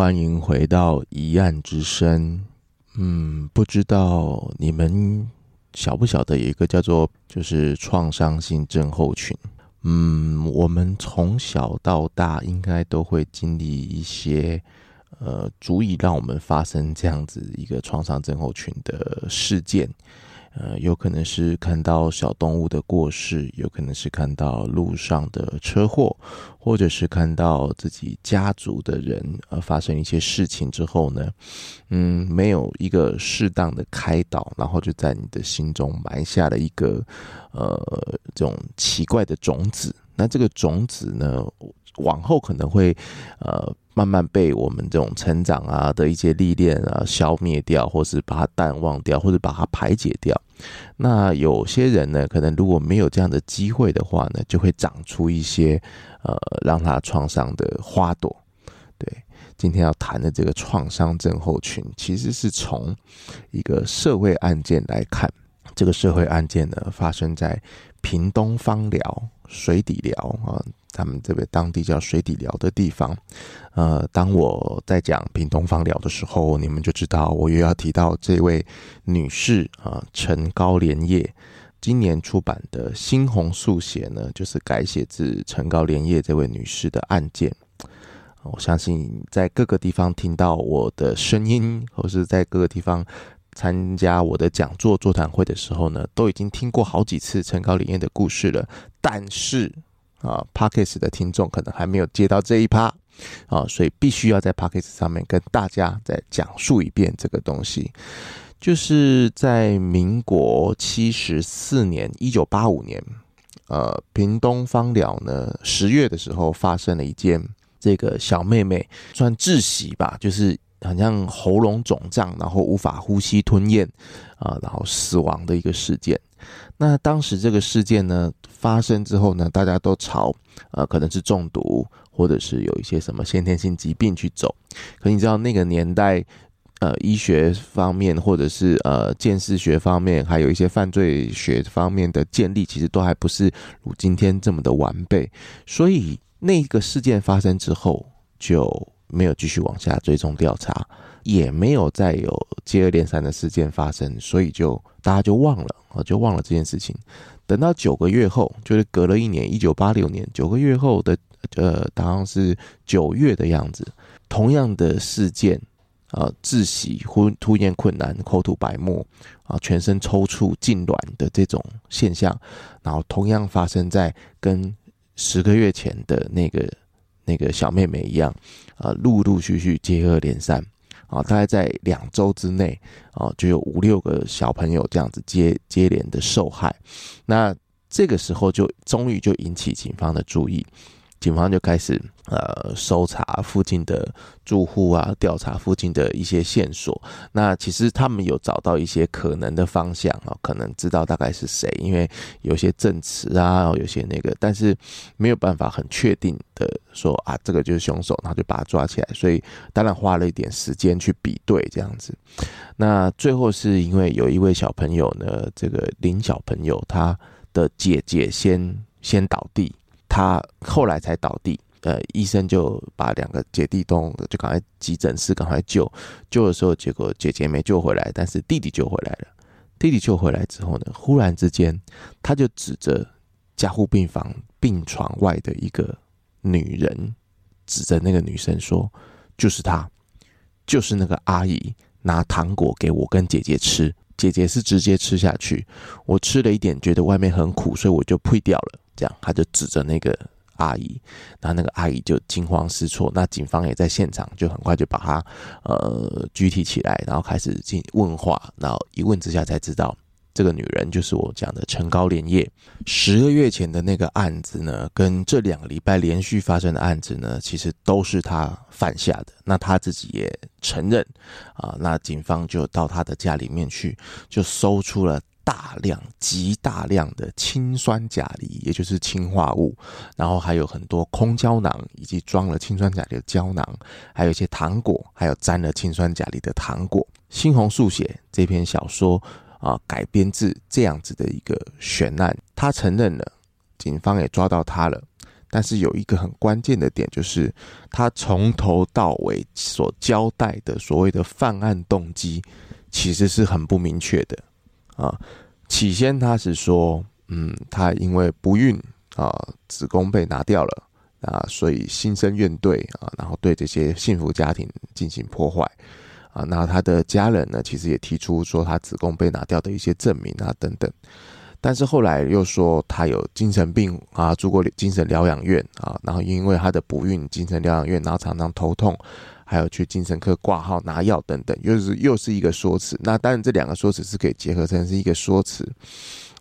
歡迎回到疑案之聲。嗯，不知道你們曉不曉得有一個叫做就是創傷性症候群。嗯，我們從小到大應該都會經歷一些呃，足以讓我們發生這樣子一個創傷症候群的事件。呃，有可能是看到小動物的過世，有可能是看到路上的車禍，或者是看到自己家族的人呃，發生一些事情之後呢，嗯，沒有一個適當的開導，然後就在你的心中埋下了一個呃，這種奇怪的種子。那這個種子呢？往後可能會，呃，慢慢被我們這種成長啊的一些歷練啊消滅掉，或是把它淡忘掉，或者把它排解掉。那有些人呢，可能如果沒有這樣的機會的話呢，就會長出一些呃，讓他創傷的花朵。對，今天要談的這個創傷症候群，其實是從一個社會案件來看。這個社會案件呢，發生在屏東枋寮、水底寮啊。他們這邊當地叫水底寮的地方，呃，當我在講屏東枋寮的時候，你們就知道我又要提到這位女士啊，陳、呃、高連葉，今年出版的《腥紅速寫》呢，就是改寫自陳高連葉這位女士的案件。我相信在各個地方聽到我的聲音，或是在各個地方參加我的講座座談會的時候呢，都已經聽過好幾次陳高連葉的故事了，但是。啊 Podcast 的聽眾可能還沒有接到這一趴啊，所以必須要在 Podcast 上面跟大家再講述一遍這個東西，就是在民國七十四年，一九八五年，呃，屏東枋寮呢，十月的時候發生了一件這個小妹妹算窒息吧，就是。好像喉嚨腫脹，然後無法呼吸吞嚥，啊，然後死亡的一個事件。那當時這個事件呢發生之後呢，大家都朝呃可能是中毒，或者是有一些什麼先天性疾病去走。可你知道那個年代，呃，醫學方面或者是呃，見識學方面，還有一些犯罪學方面的建立，其實都還不是如今天這麼的完備。所以那個事件發生之後就。沒有繼續往下追蹤調查，也沒有再有接二連三的事件發生，所以就大家就忘了，啊，就忘了這件事情。等到九個月後，就是隔了一年，一九八六年九個月後的呃，當然是九月的樣子，同樣的事件，呃、啊，窒息、忽吞嚥困難、口吐白沫啊，全身抽搐、痙攣的這種現象，然後同樣發生在跟十個月前的那個。那個小妹妹一樣，啊，陸陸續續接二連三，啊，大概在兩周之內，啊，就有五六個小朋友這樣子接接連的受害，那這個時候就終於就引起警方的注意。警方就開始呃搜查附近的住戶啊，調查附近的一些線索。那其實他們有找到一些可能的方向啊，可能知道大概是誰，因為有些證詞啊，有些那個，但是沒有辦法很確定的說啊，這個就是兇手，然後就把他抓起來。所以當然花了一點時間去比對這樣子。那最後是因為有一位小朋友呢，這個林小朋友，他的姐姐先先倒地。他後來才倒地，呃，醫生就把兩個姐弟都就趕快急診室趕快救，救的時候結果姐姐沒救回來，但是弟弟救回來了。弟弟救回來之後呢，忽然之間他就指着加護病房病床外的一個女人，指着那個女生說：“就是她，就是那個阿姨拿糖果給我跟姐姐吃，姐姐是直接吃下去，我吃了一點覺得外面很苦，所以我就退掉了。”這樣，他就指着那個阿姨，然後那個阿姨就驚慌失措。那警方也在現場，就很快就把她呃拘提起來，然後開始進問話。然後一問之下才知道，這個女人就是我講的陳高連葉。十個月前的那個案子呢，跟這兩個禮拜連續發生的案子呢，其實都是她犯下的。那她自己也承認啊。那警方就到她的家裡面去，就搜出了。大量、極大量的氰酸鉀離，也就是氰化物，然後還有很多空膠囊，以及裝了氰酸鉀的膠囊，還有一些糖果，還有沾了氰酸鉀的糖果。《腥紅速寫》這篇小說啊，改編自這樣子的一個懸案。他承認了，警方也抓到他了，但是有一個很關鍵的點，就是他從頭到尾所交代的所謂的犯案動機，其實是很不明確的。啊，起先他是說，嗯，他因為不孕啊，子宮被拿掉了啊，所以心生怨懟啊，然後對這些幸福家庭進行破壞啊。那他的家人呢，其實也提出說他子宮被拿掉的一些證明啊等等。但是後來又說他有精神病啊，住過精神療養院啊，然後因為他的不孕，精神療養院，然後常常頭痛。還有去精神科掛號拿藥等等，又是又是一個說辭。那當然，這兩個說辭是可以結合成是一個說辭。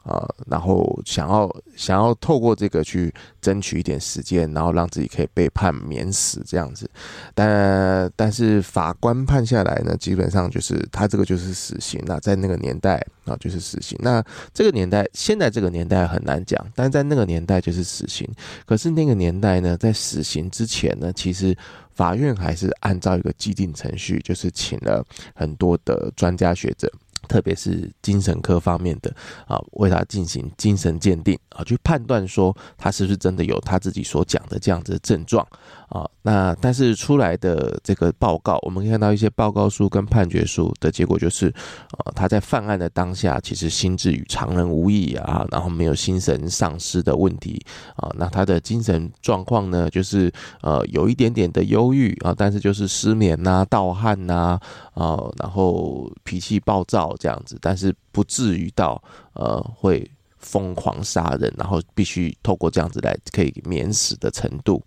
呃，然後想要想要透過這個去爭取一點時間，然後讓自己可以被判免死這樣子，但，但但是法官判下來呢，基本上就是他這個就是死刑。那在那個年代啊，就是死刑。那這個年代，現在這個年代很難講，但在那個年代就是死刑。可是那個年代呢，在死刑之前呢，其實法院還是按照一個既定程序，就是請了很多的專家學者。特別是精神科方面的啊，為他進行精神鑑定啊，去判斷說他是不是真的有他自己所講的這樣子的症狀啊。那但是出來的這個報告，我們可以看到一些報告書跟判決書的結果，就是，啊，他在犯案的當下，其實心智與常人無異啊，然後沒有心神喪失的問題啊。那他的精神狀況呢，就是呃有一點點的憂鬱啊，但是就是失眠吶、啊、盜汗吶啊，啊，然後脾氣暴躁。這樣子，但是不至於到呃會瘋狂殺人，然後必須透過這樣子來可以免死的程度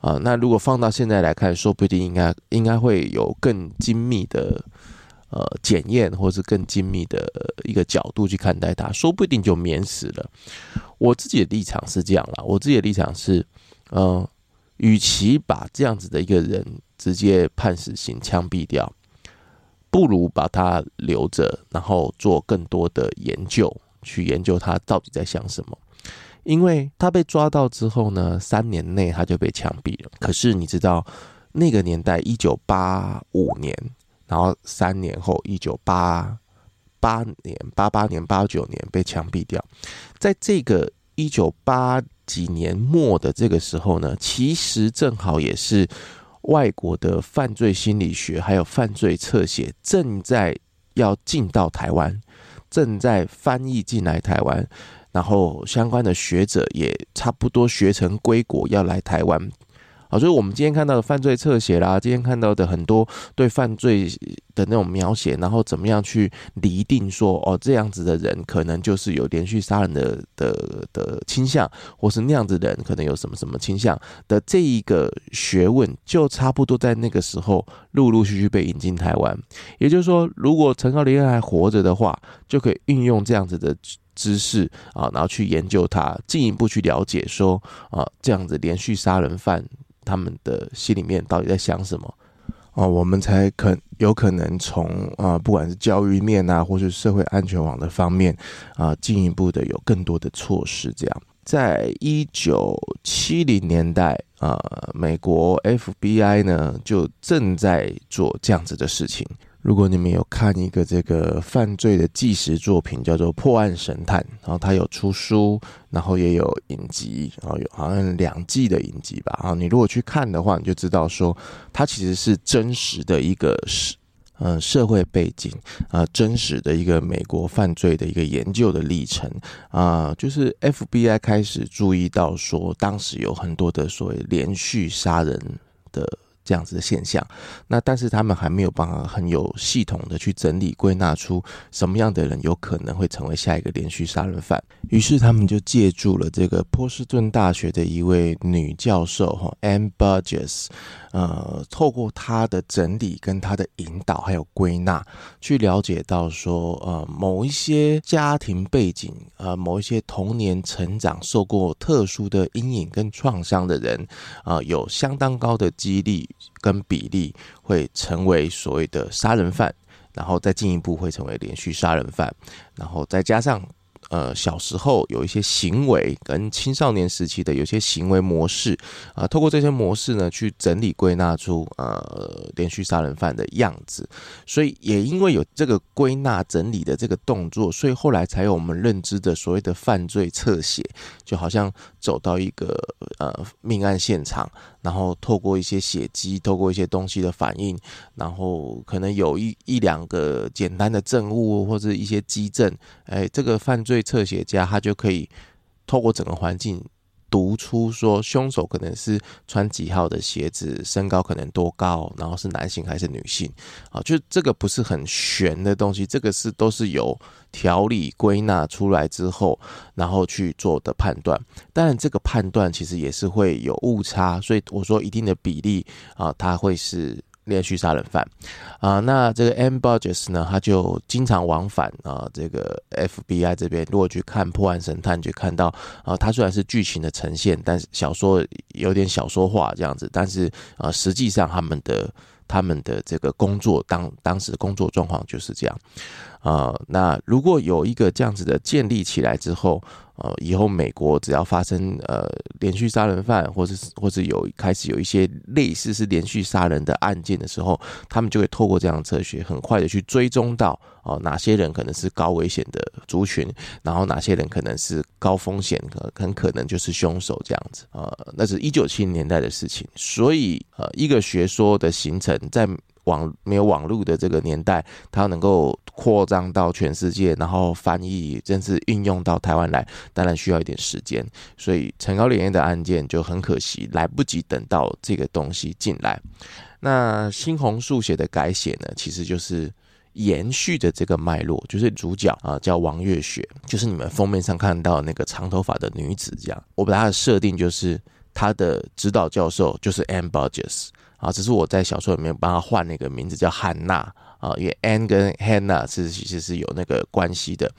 啊、呃。那如果放到現在來看，說不定應該應該會有更精密的呃檢驗，或是更精密的一個角度去看待他，說不定就免死了。我自己的立場是這樣啦，我自己的立場是，嗯、呃，與其把這樣子的一個人直接判死刑槍斃掉。不如把他留着，然後做更多的研究，去研究他到底在想什麼。因為他被抓到之後呢，三年內他就被槍斃了。可是你知道，那個年代，一九八五年，然後三年後，一九八八年、八八年、八九年被槍斃掉。在這個一九八幾年末的這個時候呢，其實正好也是。外國的犯罪心理學還有犯罪側寫正在要進到台灣，正在翻譯進來台灣，然後相關的學者也差不多學成歸國要來台灣。好，所以我們今天看到的犯罪側寫啦，今天看到的很多對犯罪的那種描寫，然後怎麼樣去釐定說，哦，這樣子的人可能就是有連續殺人的的的傾向，或是那樣子的人可能有什麼什麼傾向的這一個學問，就差不多在那個時候陸陸續續被引進台灣。也就是說，如果陳高連葉還活着的話，就可以運用這樣子的知識啊，然後去研究他，進一步去了解說，啊，這樣子連續殺人犯。他們的心裡面到底在想什麼？哦、呃，我們才可有可能從啊、呃，不管是教育面啊，或是社會安全網的方面啊，進、呃、一步的有更多的措施。這樣，在一九七零年代啊、呃，美國 FBI 呢就正在做這樣子的事情。如果你們有看一個這個犯罪的紀實作品，叫做《破案神探》，然後他有出書，然後也有影集，然後有好像兩季的影集吧。啊，你如果去看的話，你就知道說，它其實是真實的一個社嗯、呃、社會背景啊、呃，真實的一個美國犯罪的一個研究的歷程啊、呃，就是 FBI 開始注意到說，當時有很多的所謂連續殺人的。這樣子的現象，那但是他們還沒有辦法很有系統的去整理歸納出什麼樣的人有可能會成為下一個連續殺人犯，於是他們就借助了這個波士頓大學的一位女教授哈，Ann Burgess。呃，透過他的整理跟他的引導，還有歸納，去了解到說，呃，某一些家庭背景，呃，某一些童年成長受過特殊的陰影跟創傷的人，啊、呃，有相當高的幾率跟比例會成為所謂的殺人犯，然後再進一步會成為連續殺人犯，然後再加上。呃，小時候有一些行為跟青少年時期的有些行為模式，啊、呃，透過這些模式呢，去整理歸納出呃連續殺人犯的樣子。所以也因為有這個歸納整理的這個動作，所以後來才有我們認知的所謂的犯罪側寫，就好像走到一個呃命案現場，然後透過一些血跡，透過一些東西的反應，然後可能有一一兩個簡單的證物或者一些跡證，哎、欸，這個犯罪。側寫家他就可以透過整個環境讀出說，凶手可能是穿幾號的鞋子，身高可能多高，然後是男性還是女性啊，就這個不是很玄的東西，這個是都是有條理歸納出來之後，然後去做的判斷。當然，這個判斷其實也是會有誤差，所以我說一定的比例啊，它會是。連續殺人犯，啊、呃，那這個 M. Burgess 呢，他就經常往返啊、呃，這個 FBI 這邊。如果去看《破案神探》，就看到啊、呃，他雖然是劇情的呈現，但是小說有點小說化這樣子，但是啊、呃，實際上他們的他們的這個工作當當時工作狀況就是這樣，啊、呃，那如果有一個這樣子的建立起來之後，呃，以後美國只要發生呃連續殺人犯，或者是或者有開始有一些類似是連續殺人的案件的時候，他們就會透過這樣的哲學，很快的去追蹤到哦、呃、哪些人可能是高危險的族群，然後哪些人可能是高風險的，很可能就是凶手這樣子啊、呃。那是一九七零年代的事情，所以呃，一個學說的形成在網沒有網絡的這個年代，它能夠擴張到全世界，然後翻譯甚至運用到台灣來，當然需要一點時間。所以陳高連葉的案件就很可惜，來不及等到這個東西進來。那腥紅速寫的改寫呢，其實就是延續著這個脈絡，就是主角啊叫王月雪，就是你們封面上看到那個長頭髮的女子這樣。我把她的設定就是她的指導教授就是 Ann Burgess。啊，只是我在小說裡面幫他換了一個名字，叫漢娜啊，因為 Anne 跟 Hannah 是其實是有那個關係的，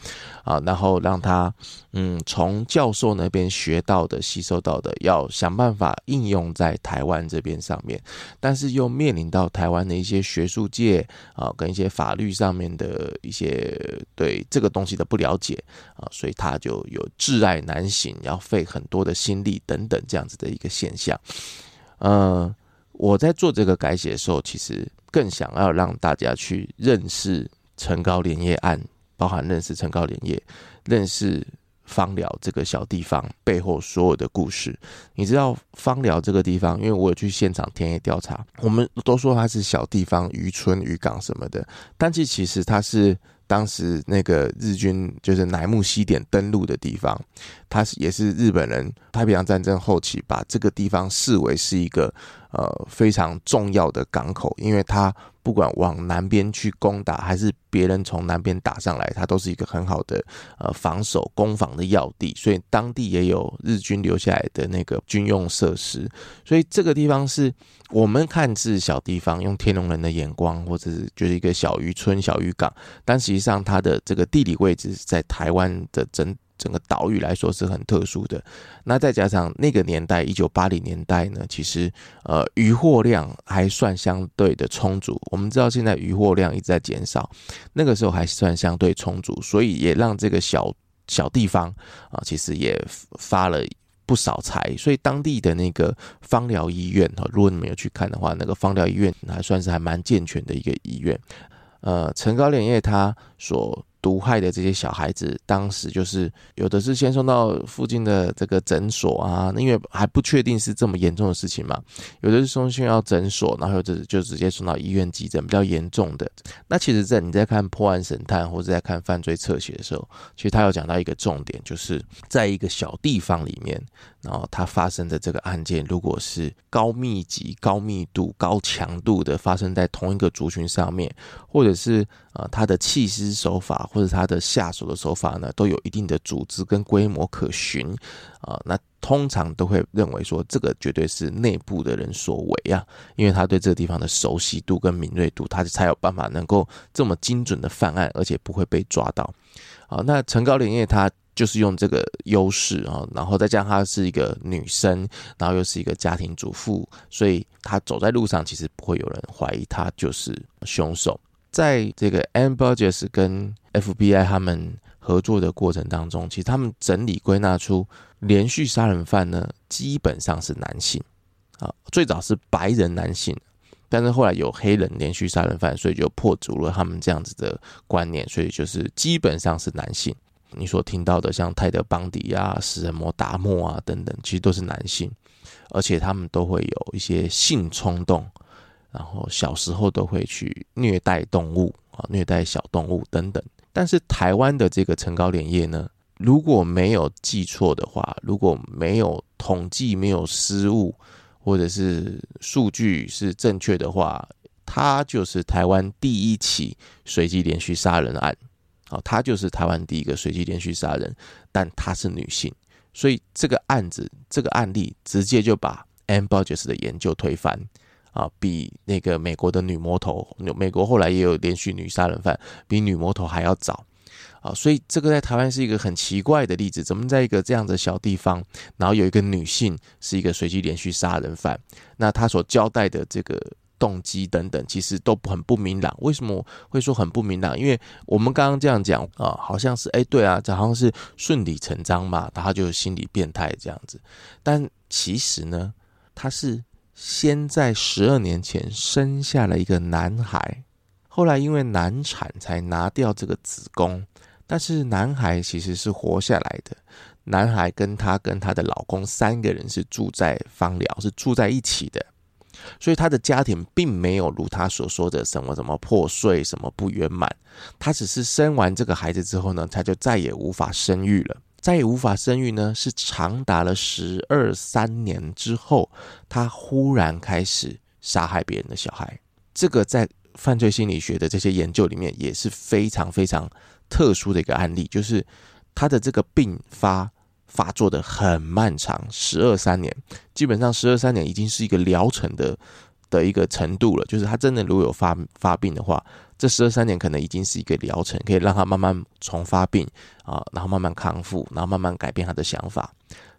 啊，然後讓他嗯從教授那邊學到的、吸收到的，要想辦法應用在台灣這邊上面，但是又面臨到台灣的一些學術界啊跟一些法律上面的一些對這個東西的不了解啊，所以他就有窒礙難行，要費很多的心力等等這樣子的一個現象，嗯。我在做這個改寫的時候，其實更想要讓大家去認識陳高連葉案，包含認識陳高連葉，認識枋寮這個小地方背後所有的故事。你知道枋寮這個地方，因為我有去現場田野調查，我們都說它是小地方漁村漁港什麼的，但是其實它是當時那個日軍就是乃木希典登陸的地方，它是也是日本人太平洋戰爭後期把這個地方視為是一個。呃，非常重要的港口，因為它不管往南邊去攻打，還是別人從南邊打上來，它都是一個很好的、呃、防守攻防的要地，所以當地也有日軍留下來的那個軍用設施，所以這個地方是我們看似小地方，用天龍人的眼光，或者是就是一個小漁村、小漁港，但實際上它的這個地理位置是在台灣的整。整個島嶼來說是很特殊的，那再加上那個年代、一九八零年代呢，其實呃漁獲量還算相對的充足。我們知道現在漁獲量一直在減少，那個時候還算相對充足，所以也讓這個小小地方啊、呃，其實也發了不少財。所以當地的那個枋寮醫院，哈、呃，如果你沒有去看的話，那個枋寮醫院還算是還蠻健全的一個醫院。呃，陳高連葉他所。毒害的這些小孩子，當時就是有的是先送到附近的這個診所啊，因為還不確定是這麼嚴重的事情嘛。有的是送去到診所，然後就就直接送到醫院急診，比較嚴重的。那其實在，在你在看破案神探或者在看犯罪側寫的時候，其實他有講到一個重點，就是在一個小地方裡面。然後他發生的這個案件，如果是高密集、高密度、高強度的，發生在同一個族群上面，或者是呃他的棄屍手法或者他的下手的手法呢，都有一定的組織跟規模可循啊，那通常都會認為說，這個絕對是內部的人所為啊，因為他對這個地方的熟悉度跟敏銳度，他才有辦法能夠這麼精準的犯案，而且不會被抓到。好，那陳高連葉他。就是用這個優勢啊，然後再加上她是一個女生，然後又是一個家庭主婦，所以她走在路上其實不會有人懷疑她就是凶手。在這個 Ann Burgess 跟 FBI 他們合作的過程當中，其實他們整理歸納出連續殺人犯呢，基本上是男性啊，最早是白人男性，但是後來有黑人連續殺人犯，所以就破除了他們這樣子的觀念，所以就是基本上是男性。你所聽到的，像泰德·邦迪啊、食人魔達莫啊等等，其實都是男性，而且他們都會有一些性衝動，然後小時候都會去虐待動物啊，虐待小動物等等。但是台灣的這個陳高連葉呢，如果沒有記錯的話，如果沒有統計，沒有失誤或者是數據是正確的話，他就是台灣第一起隨機連續殺人案。啊，她就是台灣第一個隨機連續殺人，但她是女性，所以這個案子，這個案例直接就把 Ann Burgess 的研究推翻啊。比那個美國的女魔頭，美國後來也有連續女殺人犯，比女魔頭還要早啊。所以這個在台灣是一個很奇怪的例子，怎麼在一個這樣的小地方，然後有一個女性是一個隨機連續殺人犯，那她所交代的這個，動機等等，其實都很不明朗。為什麼會說很不明朗？因為我們剛剛這樣講啊、哦，好像是哎、欸，對啊，好像是順理成章嘛。他就是心理變態這樣子。但其實呢，他是先在十二年前生下了一個男孩，後來因為難產才拿掉這個子宮。但是男孩其實是活下來的。男孩跟他跟他的老公三個人是住在枋寮，是住在一起的。所以他的家庭並沒有如他所說的什麼什麼破碎，什麼不圓滿。他只是生完這個孩子之後呢，他就再也無法生育了。再也無法生育呢，是長達了十二三年之後，他忽然開始殺害別人的小孩。這個在犯罪心理學的這些研究裡面也是非常非常特殊的一個案例，就是他的這個病發。發作的很漫長，十二三年，基本上十二三年已經是一個療程的的一個程度了。就是他真的如果有發發病的話，這十二三年可能已經是一個療程，可以讓他慢慢從發病啊，然後慢慢康復，然後慢慢改變他的想法。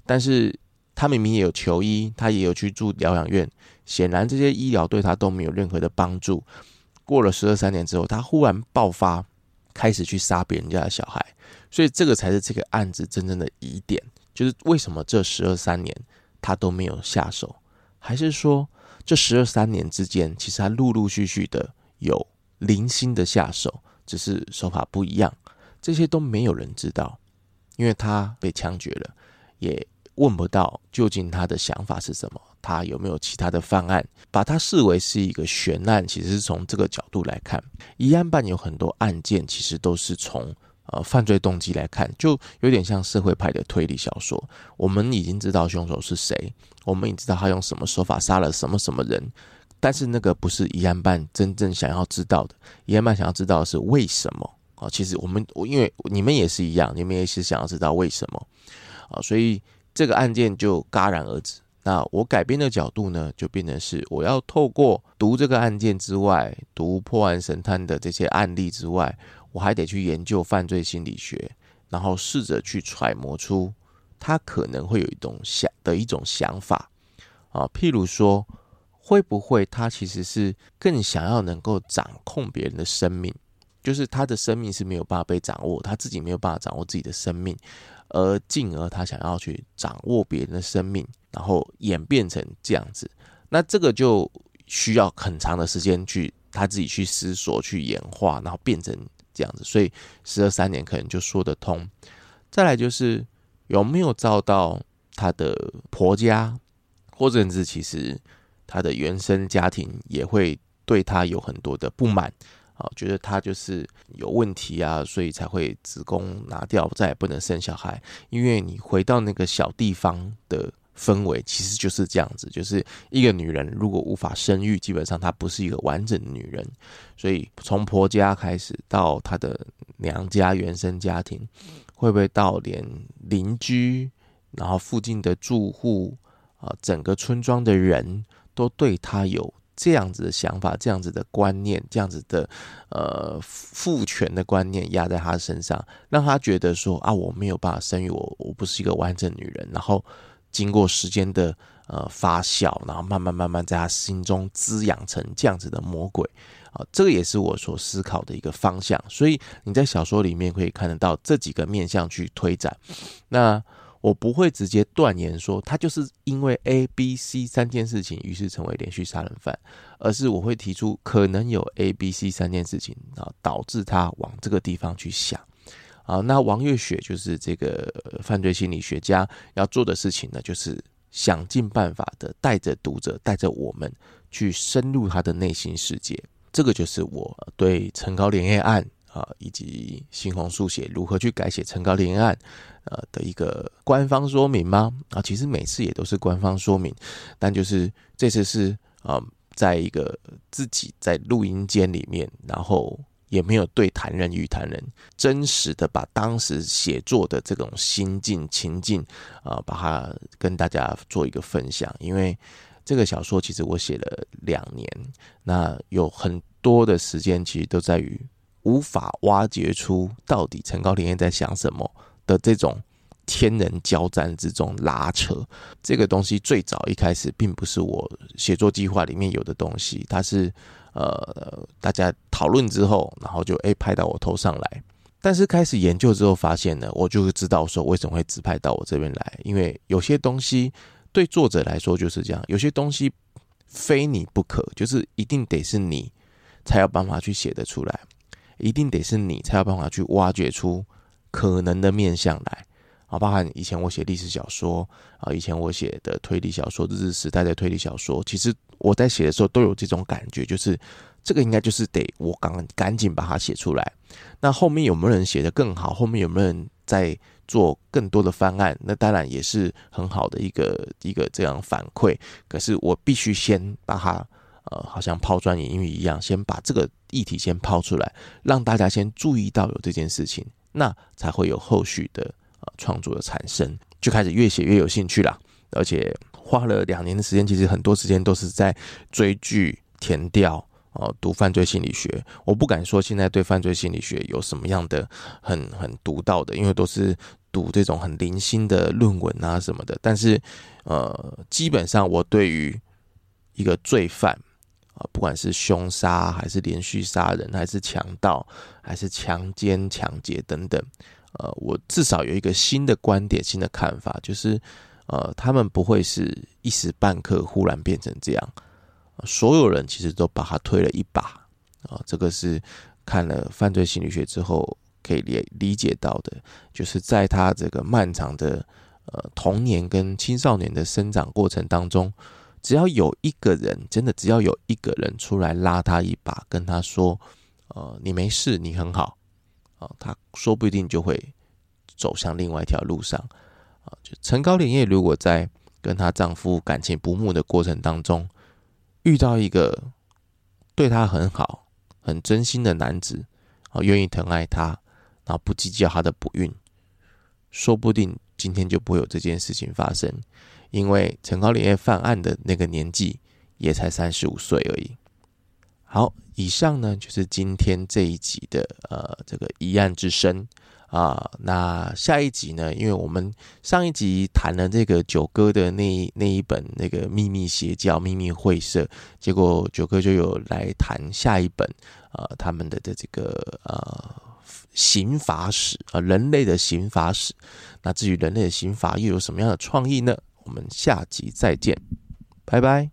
但是他明明也有求醫，他也有去住療養院，顯然這些醫療對他都沒有任何的幫助。過了十二三年之後，他忽然爆發，開始去殺別人家的小孩。所以這個才是這個案子真正的疑點，就是為什麼這十二三年他都沒有下手，還是說這十二三年之間，其實他陸陸續續的有零星的下手，只是手法不一樣，這些都沒有人知道，因為他被槍決了，也問不到究竟他的想法是什麼，他有沒有其他的犯案，把他視為是一個懸案，其實是從這個角度來看，疑案辦有很多案件，其實都是從。呃，犯罪動機來看，就有點像社會派的推理小說。我們已經知道凶手是誰，我們已經知道他用什麼手法殺了什麼什麼人，但是那個不是疑案辦真正想要知道的。疑案辦想要知道的是為什麼啊？其實我們，我因為你們也是一樣，你們也是想要知道為什麼啊？所以這個案件就戛然而止。那我改編的角度呢，就變成是我要透過讀這個案件之外，讀破案神探的這些案例之外。我還得去研究犯罪心理學，然後試着去揣摩出他可能會有一種想的一種想法啊，譬如說，會不會他其實是更想要能夠掌控別人的生命，就是他的生命是沒有辦法被掌握，他自己沒有辦法掌握自己的生命，而進而他想要去掌握別人的生命，然後演變成這樣子，那這個就需要很長的時間去他自己去思索、去演化，然後變成。這樣子，所以十二三年，可能就說得通。再來就是有沒有遭到她的婆家，或者是其實她的原生家庭也會對她有很多的不滿啊，覺得她就是有問題啊，所以才會子宮拿掉，再也不能生小孩。因為你回到那個小地方的，氛圍其實就是這樣子，就是一個女人如果無法生育，基本上她不是一個完整的女人。所以從婆家開始到她的娘家、原生家庭，會不會到連鄰居，然後附近的住戶啊、呃，整個村莊的人都對她有這樣子的想法、這樣子的觀念、這樣子的呃父權的觀念壓在她身上，讓她覺得說啊，我沒有辦法生育，我我不是一個完整的女人，然後。經過時間的呃發酵，然後慢慢慢慢在他心中滋養成這樣子的魔鬼啊，這個也是我所思考的一個方向。所以你在小說裡面可以看得到這幾個面向去推展。那我不會直接斷言說他就是因為 A、B、C 三件事情，於是成為連續殺人犯，而是我會提出可能有 A、B、C 三件事情啊導致他往這個地方去想。啊，那王月雪就是這個犯罪心理學家要做的事情呢，就是想盡辦法的帶着讀者，帶着我們去深入他的內心世界。這個就是我對陳高連葉案啊，以及腥紅速寫如何去改寫陳高連葉案，呃、啊、的一個官方說明嗎？啊，其實每次也都是官方說明，但就是這次是啊，在一個自己在錄音間裡面，然後。也沒有對談人與談人，真實的把當時寫作的這種心境、情境，啊、呃，把它跟大家做一個分享。因為這個小說其實我寫了兩年，那有很多的時間其實都在於無法挖掘出到底陳高連葉在想什麼的這種天人交戰之中拉扯。這個東西最早一開始並不是我寫作計劃裡面有的東西，它是。呃，大家討論之後，然後就欸拍到我頭上來。但是開始研究之後，發現呢，我就會知道說為什麼會指派到我這邊來。因為有些東西對作者來說就是這樣，有些東西非你不可，就是一定得是你才有辦法去寫得出來，一定得是你才有辦法去挖掘出可能的面向來。包含以前我寫歷史小說，啊，以前我寫的推理小說，日治時代的推理小說，其實我在寫的時候都有這種感覺，就是這個應該就是得我趕趕緊把它寫出來。那後面有沒有人寫得更好？後面有沒有人在做更多的方案？那當然也是很好的一個一個這樣反饋。可是我必須先把它，呃，好像拋磚引玉一樣，先把這個議題先拋出來，讓大家先注意到有這件事情，那才會有後續的。創作的產生，就開始越寫越有興趣啦，而且花了兩年的時間，其實很多時間都是在追劇、田調啊、讀犯罪心理學。我不敢說現在對犯罪心理學有什麼樣的很很獨到的，因為都是讀這種很零星的論文啊什麼的。但是呃，基本上我對於一個罪犯，不管是凶殺還是連續殺人，還是強盜，還是強姦、搶劫等等。呃，我至少有一個新的觀點、新的看法，就是，呃，他們不會是一時半刻忽然變成這樣。呃，所有人其實都把他推了一把啊，呃，這個是看了犯罪心理學之後可以理理解到的，就是在他這個漫長的呃童年跟青少年的生長過程當中，只要有一個人真的，只要有一個人出來拉他一把，跟他說，呃，你沒事，你很好。啊，她說不一定就會走向另外一條路上，啊，就陳高連葉如果在跟她丈夫感情不睦的過程當中，遇到一個對她很好、很真心的男子，啊，願意疼愛她，然後不計較她的不孕，說不定今天就不會有這件事情發生，因為陳高連葉犯案的那個年紀也才三十五歲而已。好，以上呢就是今天這一集的呃這個疑案之聲啊。那下一集呢，因為我們上一集談了這個九哥的那那一本那個秘密邪教秘密會社，結果九哥就有來談下一本啊、呃、他們的的這個呃刑法史啊人類的刑法史。那至於人類的刑法又有什麼樣的創意呢？我們下集再見，拜拜。